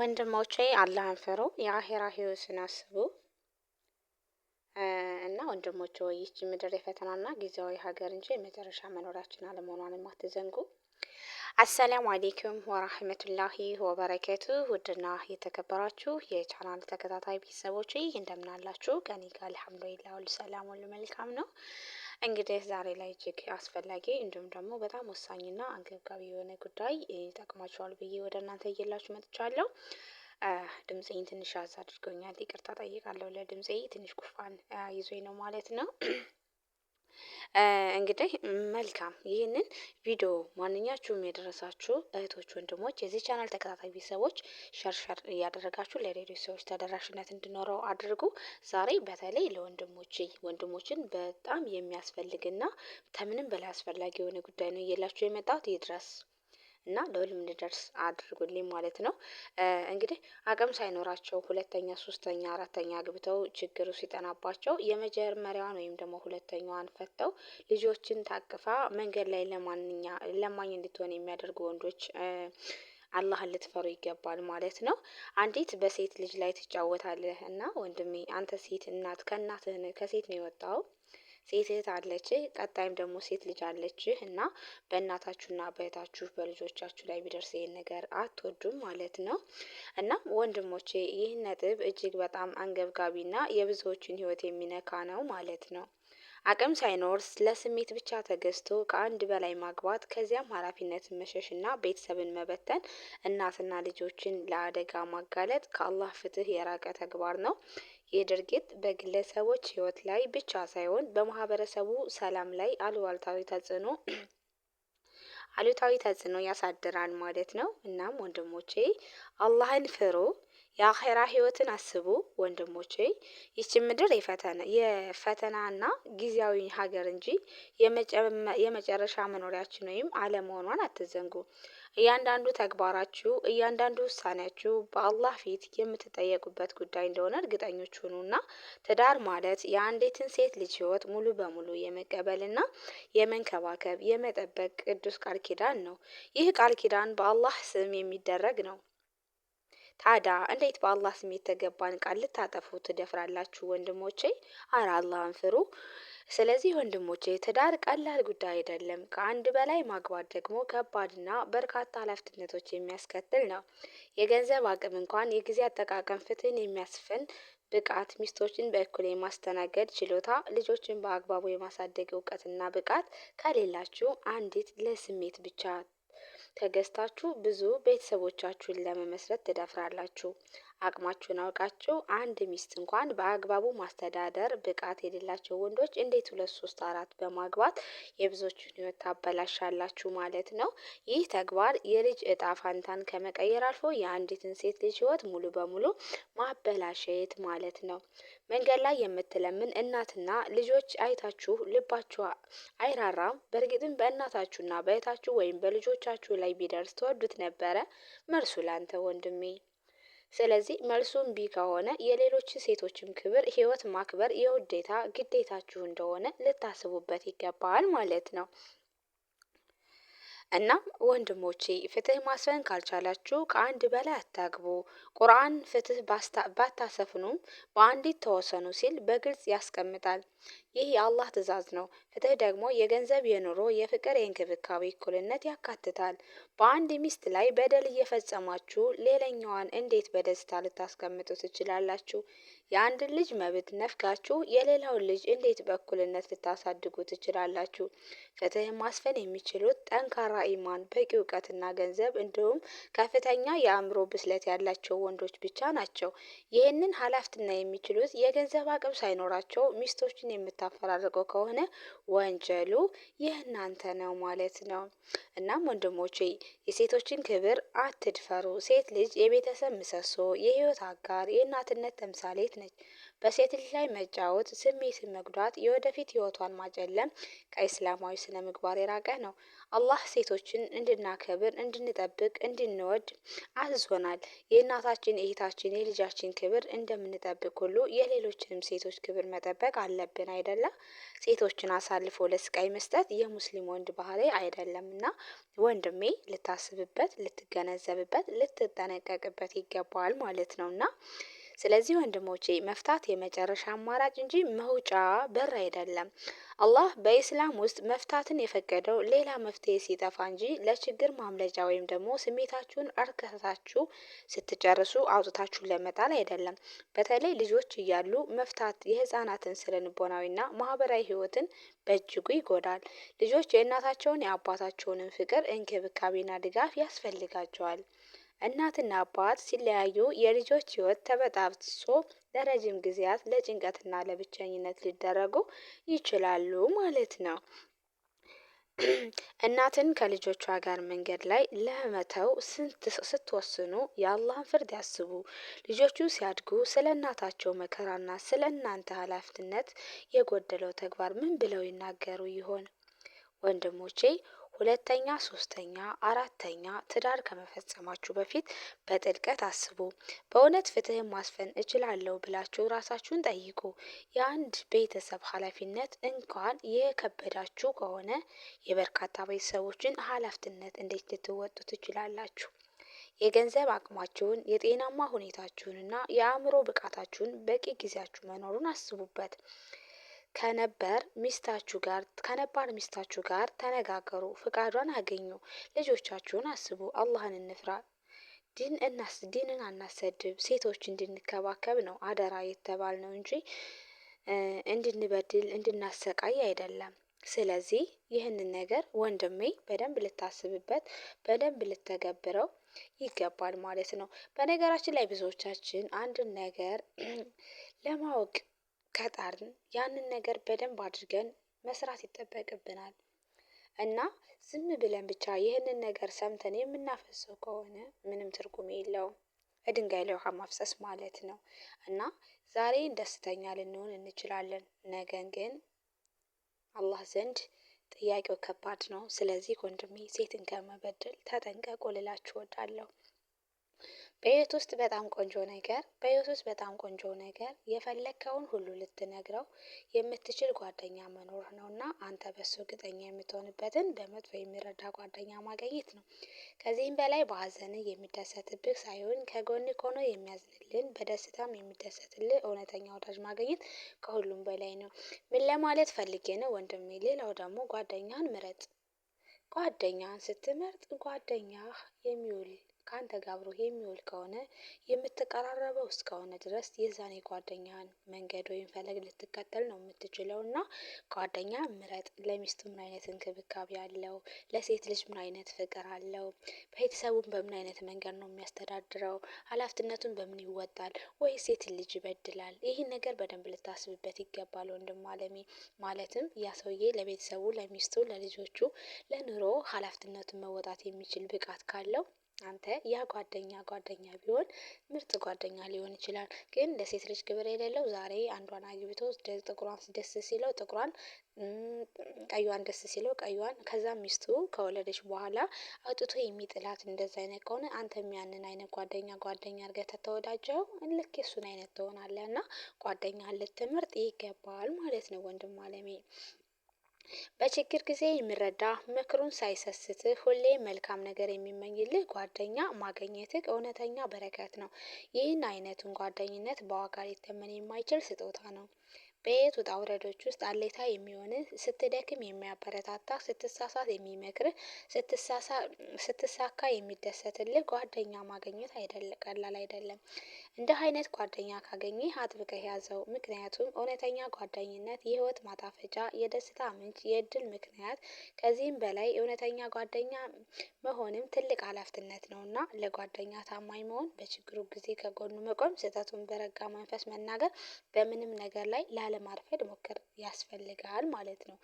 ወንድሞቼ አላህን ፍሩ፣ የአሄራ ህይወትን አስቡ እና ወንድሞቼ ሆይ ይህች ምድር የፈተናና ጊዜያዊ ሀገር እንጂ የመጨረሻ መኖሪያችን አለመሆኗን አትዘንጉ። አሰላሙ አሌይኩም ወራህመቱላሂ ወበረከቱ። ውድና የተከበራችሁ የቻናል ተከታታይ ቤተሰቦች እንደምናላችሁ፣ ከኔ ጋር አልሐምዱሊላህ ሁሉ ሰላም፣ ሁሉ መልካም ነው። እንግዲህ ዛሬ ላይ እጅግ አስፈላጊ እንዲሁም ደግሞ በጣም ወሳኝና አንገብጋቢ የሆነ ጉዳይ ይጠቅማቸዋል ብዬ ወደ እናንተ እየላችሁ መጥቻለሁ። ድምፄን ትንሽ ያዝ አድርጎኛል ይቅርታ ጠይቃለሁ። ለድምፄ ትንሽ ጉፋን ይዞኝ ነው ማለት ነው። እንግዲህ መልካም ይህንን ቪዲዮ ማንኛችሁም የደረሳችሁ እህቶች፣ ወንድሞች የዚህ ቻናል ተከታታይ ቤተሰቦች ሸርሸር እያደረጋችሁ ለሌሎች ሰዎች ተደራሽነት እንዲኖረው አድርጉ። ዛሬ በተለይ ለወንድሞች ወንድሞችን በጣም የሚያስፈልግና ከምንም በላይ አስፈላጊ የሆነ ጉዳይ ነው እየላችሁ የመጣሁት ይድረስ እና ለሁሉም እንዲደርስ አድርጉልኝ ማለት ነው። እንግዲህ አቅም ሳይኖራቸው ሁለተኛ ሶስተኛ አራተኛ አግብተው ችግሩ ሲጠናባቸው የመጀመሪያዋን ወይም ደግሞ ሁለተኛዋን ፈተው ልጆችን ታቅፋ መንገድ ላይ ለማንኛ ለማኝ እንድትሆን የሚያደርጉ ወንዶች አላህን ልትፈሩ ይገባል ማለት ነው። አንዲት በሴት ልጅ ላይ ትጫወታለህ እና ወንድሜ አንተ ሴት እናት ከእናትህ ከሴት ነው የወጣው ሴት እህት አለች፣ ቀጣይም ደግሞ ሴት ልጅ አለች እና በእናታችሁና በእህታችሁ በልጆቻችሁ ላይ ቢደርስ ይህን ነገር አትወዱም ማለት ነው። እና ወንድሞቼ ይህ ነጥብ እጅግ በጣም አንገብጋቢና የብዙዎችን ህይወት የሚነካ ነው ማለት ነው። አቅም ሳይኖር ለስሜት ብቻ ተገዝቶ ከአንድ በላይ ማግባት ከዚያም ሀላፊነትን መሸሽና ቤተሰብን መበተን እናትና ልጆችን ለአደጋ ማጋለጥ ከአላህ ፍትህ የራቀ ተግባር ነው። ይህ ድርጊት በግለሰቦች ህይወት ላይ ብቻ ሳይሆን በማህበረሰቡ ሰላም ላይ አሉዋልታዊ ተጽዕኖ አሉታዊ ተጽዕኖ ያሳድራል ማለት ነው። እናም ወንድሞቼ አላህን ፍሩ የአኼራ ህይወትን አስቡ ወንድሞቼ ይቺ ምድር የፈተና የፈተናና ጊዜያዊ ሀገር እንጂ የመጨረሻ መኖሪያችን ወይም አለመሆኗን አትዘንጉ። እያንዳንዱ ተግባራችሁ እያንዳንዱ ውሳኔያችሁ በአላህ ፊት የምትጠየቁበት ጉዳይ እንደሆነ እርግጠኞች ሁኑና ትዳር ማለት የአንዲትን ሴት ልጅ ህይወት ሙሉ በሙሉ የመቀበልና የመንከባከብ የመጠበቅ ቅዱስ ቃል ኪዳን ነው። ይህ ቃል ኪዳን በአላህ ስም የሚደረግ ነው ታዳ እንዴት በአላህ ስም የተገባን ቃል ልታጠፉ ትደፍራላችሁ? ወንድሞቼ አረ አላህን ፍሩ። ስለዚህ ወንድሞቼ ትዳር ቀላል ጉዳይ አይደለም ከአንድ በላይ ማግባት ደግሞ ከባድና በርካታ ሀላፊነቶች የሚያስከትል ነው። የገንዘብ አቅም እንኳን የጊዜ አጠቃቀም ፍትህን የሚያስፍን ብቃት ሚስቶችን በእኩል የማስተናገድ ችሎታ ልጆችን በአግባቡ የማሳደግ እውቀትና ብቃት ከሌላችሁ አንዲት ለስሜት ብቻ ተገዝታችሁ ብዙ ቤተሰቦቻችሁን ለመመስረት ትደፍራላችሁ አቅማችሁን አውቃችሁ አንድ ሚስት እንኳን በአግባቡ ማስተዳደር ብቃት የሌላቸው ወንዶች እንዴት ሁለት ሶስት አራት በማግባት የብዙዎቹን ህይወት ታበላሻላችሁ ማለት ነው። ይህ ተግባር የልጅ እጣ ፋንታን ከመቀየር አልፎ የአንዲትን ሴት ልጅ ህይወት ሙሉ በሙሉ ማበላሸት ማለት ነው። መንገድ ላይ የምትለምን እናትና ልጆች አይታችሁ ልባችሁ አይራራም። በእርግጥም በእናታችሁና በእህታችሁ ወይም በልጆቻችሁ ላይ ቢደርስ ትወዱት ነበረ። መልሱ ላንተ ወንድሜ ስለዚህ መልሱም ቢ ከሆነ የሌሎች ሴቶችም ክብር ህይወት ማክበር የውዴታ ግዴታችሁ እንደሆነ ልታስቡበት ይገባል ማለት ነው። እናም ወንድሞቼ ፍትህ ማስፈን ካልቻላችሁ ከአንድ በላይ አታግቡ ቁርአን ፍትህ ባታሰፍኑም በአንዲት ተወሰኑ ሲል በግልጽ ያስቀምጣል። ይህ የአላህ ትእዛዝ ነው። ፍትህ ደግሞ የገንዘብ የኑሮ የፍቅር የእንክብካቤ እኩልነት ያካትታል። በአንድ ሚስት ላይ በደል እየፈጸማችሁ ሌላኛዋን እንዴት በደስታ ልታስቀምጡ ትችላላችሁ? የአንድን ልጅ መብት ነፍጋችሁ የሌላውን ልጅ እንዴት በእኩልነት ልታሳድጉ ትችላላችሁ? ፍትህን ማስፈን የሚችሉት ጠንካራ ኢማን፣ በቂ እውቀትና ገንዘብ እንዲሁም ከፍተኛ የአእምሮ ብስለት ያላቸው ወንዶች ብቻ ናቸው። ይህንን ሀላፊነት የሚችሉት የገንዘብ አቅም ሳይኖራቸው ሚስቶችን የምት የምታፈራርቀው ከሆነ ወንጀሉ የእናንተ ነው ማለት ነው። እናም ወንድሞቼ የሴቶችን ክብር አትድፈሩ። ሴት ልጅ የቤተሰብ ምሰሶ፣ የህይወት አጋር፣ የእናትነት ተምሳሌት ነች። በሴት ልጅ ላይ መጫወት ስሜትን መጉዳት የወደፊት ህይወቷን ማጨለም ከእስላማዊ ስነ ምግባር የራቀ ነው። አላህ ሴቶችን እንድናከብር እንድንጠብቅ እንድንወድ አዝዞናል። የእናታችን እህታችን፣ የልጃችን ክብር እንደምንጠብቅ ሁሉ የሌሎችንም ሴቶች ክብር መጠበቅ አለብን አይደለም? ሴቶችን አሳልፎ ለስቃይ መስጠት የሙስሊም ወንድ ባህሪ እና ወንድሜ ልታስብበት ልትገነዘብበት ልትጠነቀቅበት ይገባል ማለት ነውና። ስለዚህ ወንድሞቼ መፍታት የመጨረሻ አማራጭ እንጂ መውጫ በር አይደለም። አላህ በኢስላም ውስጥ መፍታትን የፈቀደው ሌላ መፍትሄ ሲጠፋ እንጂ ለችግር ማምለጫ ወይም ደግሞ ስሜታችሁን አርከታችሁ ስትጨርሱ አውጥታችሁ ለመጣል አይደለም። በተለይ ልጆች እያሉ መፍታት የህፃናትን ስነልቦናዊና ማህበራዊ ህይወትን በእጅጉ ይጎዳል። ልጆች የእናታቸውን የአባታቸውንም ፍቅር እንክብካቤና ድጋፍ ያስፈልጋቸዋል እናትና አባት ሲለያዩ የልጆች ህይወት ተበጣብሶ ለረጅም ጊዜያት ለጭንቀትና ለብቸኝነት ሊደረጉ ይችላሉ ማለት ነው። እናትን ከልጆቿ ጋር መንገድ ላይ ለመተው ስትወስኑ የአላህን ፍርድ ያስቡ። ልጆቹ ሲያድጉ ስለ እናታቸው መከራና ስለ እናንተ ሀላፊነት የጎደለው ተግባር ምን ብለው ይናገሩ ይሆን? ወንድሞቼ ሁለተኛ ሶስተኛ አራተኛ ትዳር ከመፈጸማችሁ በፊት በጥልቀት አስቡ። በእውነት ፍትህን ማስፈን እችላለሁ ብላችሁ ራሳችሁን ጠይቁ። የአንድ ቤተሰብ ሀላፊነት እንኳን የከበዳችሁ ከሆነ የበርካታ ቤተሰቦችን ሀላፍትነት እንዴት ልትወጡ ትችላላችሁ? የገንዘብ አቅማችሁን የጤናማ ሁኔታችሁንና የአእምሮ ብቃታችሁን በቂ ጊዜያችሁ መኖሩን አስቡበት። ከነበር ሚስታችሁ ጋር ከነባር ሚስታችሁ ጋር ተነጋገሩ፣ ፍቃዷን አገኙ፣ ልጆቻችሁን አስቡ፣ አላህን እንፍራ፣ ዲን እናስ ዲንን አናሰድብ፣ ሴቶች እንድንከባከብ ነው አደራ የተባል ነው እንጂ እንድንበድል እንድናሰቃይ አይደለም። ስለዚህ ይህንን ነገር ወንድሜ በደንብ ልታስብበት በደንብ ልተገብረው ይገባል ማለት ነው። በነገራችን ላይ ብዙዎቻችን አንድን ነገር ለማወቅ ከጣርን ያንን ነገር በደንብ አድርገን መስራት ይጠበቅብናል። እና ዝም ብለን ብቻ ይህንን ነገር ሰምተን የምናፈሰው ከሆነ ምንም ትርጉም የለውም። በድንጋይ ላይ ውሃ ማፍሰስ ማለት ነው። እና ዛሬ ደስተኛ ልንሆን እንችላለን ነገን ግን አላህ ዘንድ ጥያቄው ከባድ ነው። ስለዚህ ወንድሜ ሴትን ከመበደል ተጠንቀቁ ልላችሁ እወዳለሁ በህይወት ውስጥ በጣም ቆንጆ ነገር በህይወት ውስጥ በጣም ቆንጆ ነገር የፈለግከውን ሁሉ ልትነግረው የምትችል ጓደኛ መኖር ነው እና አንተ በሱ እርግጠኛ የምትሆንበትን በመጥፎ የሚረዳ ጓደኛ ማግኘት ነው። ከዚህም በላይ በሀዘን የሚደሰትብህ ሳይሆን ከጎን ሆኖ የሚያዝንልን በደስታም የሚደሰትልህ እውነተኛ ወዳጅ ማግኘት ከሁሉም በላይ ነው። ምን ለማለት ፈልጌ ነው ወንድሜ ሌላው ደግሞ ጓደኛን ምረጥ። ጓደኛን ስትመርጥ ጓደኛህ የሚውል ከአንተ ጋር አብሮ የሚውል ከሆነ የምትቀራረበው እስከሆነ ድረስ የዛኔ ጓደኛን መንገድ ወይም ፈለግ ልትከተል ነው የምትችለው እና ጓደኛ ምረጥ። ለሚስት ምን አይነት እንክብካቤ አለው? ለሴት ልጅ ምን አይነት ፍቅር አለው? ቤተሰቡን በምን አይነት መንገድ ነው የሚያስተዳድረው? ኃላፊነቱን በምን ይወጣል? ወይ ሴት ልጅ ይበድላል? ይህን ነገር በደንብ ልታስብበት ይገባል ወንድም አለሜ። ማለትም ያ ሰውዬ ለቤተሰቡ፣ ለሚስቱ፣ ለልጆቹ፣ ለኑሮ ኃላፊነቱን መወጣት የሚችል ብቃት ካለው አንተ ያ ጓደኛ ጓደኛ ቢሆን ምርጥ ጓደኛ ሊሆን ይችላል። ግን ለሴት ልጅ ክብር የሌለው ዛሬ አንዷን አግብቶ ጥቁሯን ደስ ሲለው ጥቁሯን ቀዩዋን ደስ ሲለው ቀዩዋን፣ ከዛ ሚስቱ ከወለደች በኋላ አውጥቶ የሚጥላት እንደዚ አይነት ከሆነ አንተም ያንን አይነት ጓደኛ ጓደኛ እርገ ተተወዳጀው ልክ የሱን አይነት ትሆናለህ። እና ጓደኛ ልትመርጥ ይገባል ማለት ነው ወንድም አለሜ በችግር ጊዜ የሚረዳ ምክሩን ሳይሰስትህ ሁሌ መልካም ነገር የሚመኝልህ ጓደኛ ማግኘትህ እውነተኛ በረከት ነው። ይህን አይነቱን ጓደኝነት በዋጋ ሊተመን የማይችል ስጦታ ነው። በየት ውጣ ውረዶች ውስጥ አሌታ የሚሆን ስትደክም የሚያበረታታ ስትሳሳት የሚመክር ስትሳካ የሚደሰትልህ ጓደኛ ማግኘት ቀላል አይደለም። እንዲህ አይነት ጓደኛ ካገኘ አጥብቀህ ያዘው። ምክንያቱም እውነተኛ ጓደኝነት የህይወት ማጣፈጫ የደስታ ምንጭ የእድል ምክንያት ከዚህም በላይ እውነተኛ ጓደኛ መሆንም ትልቅ ነው ነውና ለጓደኛ ታማኝ መሆን በችግሩ ጊዜ ከጎኑ መቆም ስህተቱን በረጋ መንፈስ መናገር በምንም ነገር ላይ ላለማርፈድ ሞከር ያስፈልጋል ማለት ነው።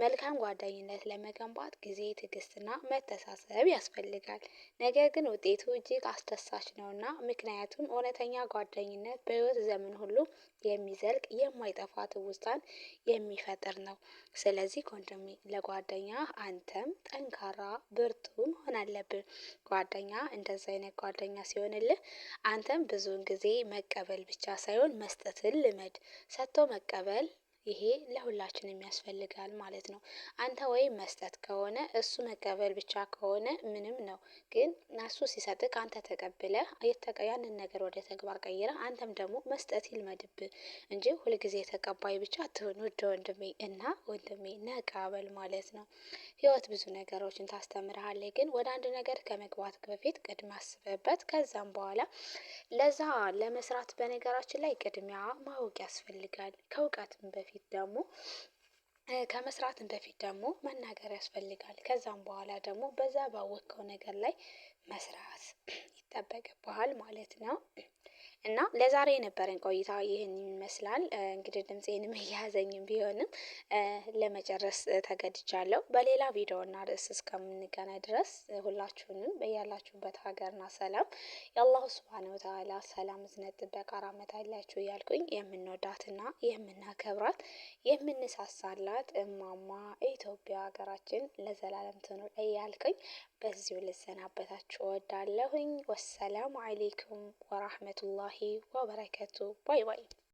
መልካም ጓደኝነት ለመገንባት ጊዜ ትዕግስትና መተሳሰብ ያስፈልጋል። ነገር ግን ውጤቱ እጅግ አስደሳች ነውና ምክንያቱም እውነተኛ ጓደኝነት በህይወት ዘመን ሁሉ የሚዘልቅ የማይጠፋ ትውስታን የሚፈጥር ነው። ስለዚህ ኮንዶሚ ለጓደኛ አንተም ጠንካራ ብርቱ መሆን አለብህ። ጓደኛ እንደዚ አይነት ጓደኛ ሲሆንልህ አንተም ብዙውን ጊዜ መቀበል ብቻ ሳይሆን መስጠትን ልመድ ሰጥቶ መቀበል ይሄ ለሁላችንም ያስፈልጋል ማለት ነው። አንተ ወይም መስጠት ከሆነ እሱ መቀበል ብቻ ከሆነ ምንም ነው። ግን እሱ ሲሰጥህ አንተ ተቀብለህ ያንን ነገር ወደ ተግባር ቀይረህ አንተም ደግሞ መስጠት ይልመድብ እንጂ ሁልጊዜ ተቀባይ ብቻ አትሁን። ውድ ወንድሜ እና ወንድሜ ነቃ ማለት ነው። ህይወት ብዙ ነገሮችን ታስተምርሃለች ግን ወደ አንድ ነገር ከመግባት በፊት ቅድመ አስበበት፣ ከዛም በኋላ ለዛ ለመስራት በነገራችን ላይ ቅድሚያ ማወቅ ያስፈልጋል ከእውቀትም በፊት በፊት ደግሞ ከመስራትን በፊት ደግሞ መናገር ያስፈልጋል። ከዛም በኋላ ደግሞ በዛ ባወቅከው ነገር ላይ መስራት ይጠበቅብሃል ማለት ነው። እና ለዛሬ የነበረን ቆይታ ይህን ይመስላል። እንግዲህ ድምፄንም እያያዘኝም ቢሆንም ለመጨረስ ተገድቻለሁ በሌላ ቪዲዮ እና ርዕስ እስከምንገናኝ ድረስ ሁላችሁንም በያላችሁበት ሀገርና ሰላም የአላሁ ስብሃነ ወተዓላ ሰላም፣ እዝነት፣ ጥበቃ፣ ራህመት እያልኩኝ የምንወዳትና የምናከብራት የምንሳሳላት እማማ ኢትዮጵያ ሀገራችን ለዘላለም ትኑር እያልኩኝ በዚሁ ልሰናበታችሁ እወዳለሁኝ። ወሰላሙ አሌይኩም ወራህመቱላሂ ወበረከቱ። ባይ ባይ።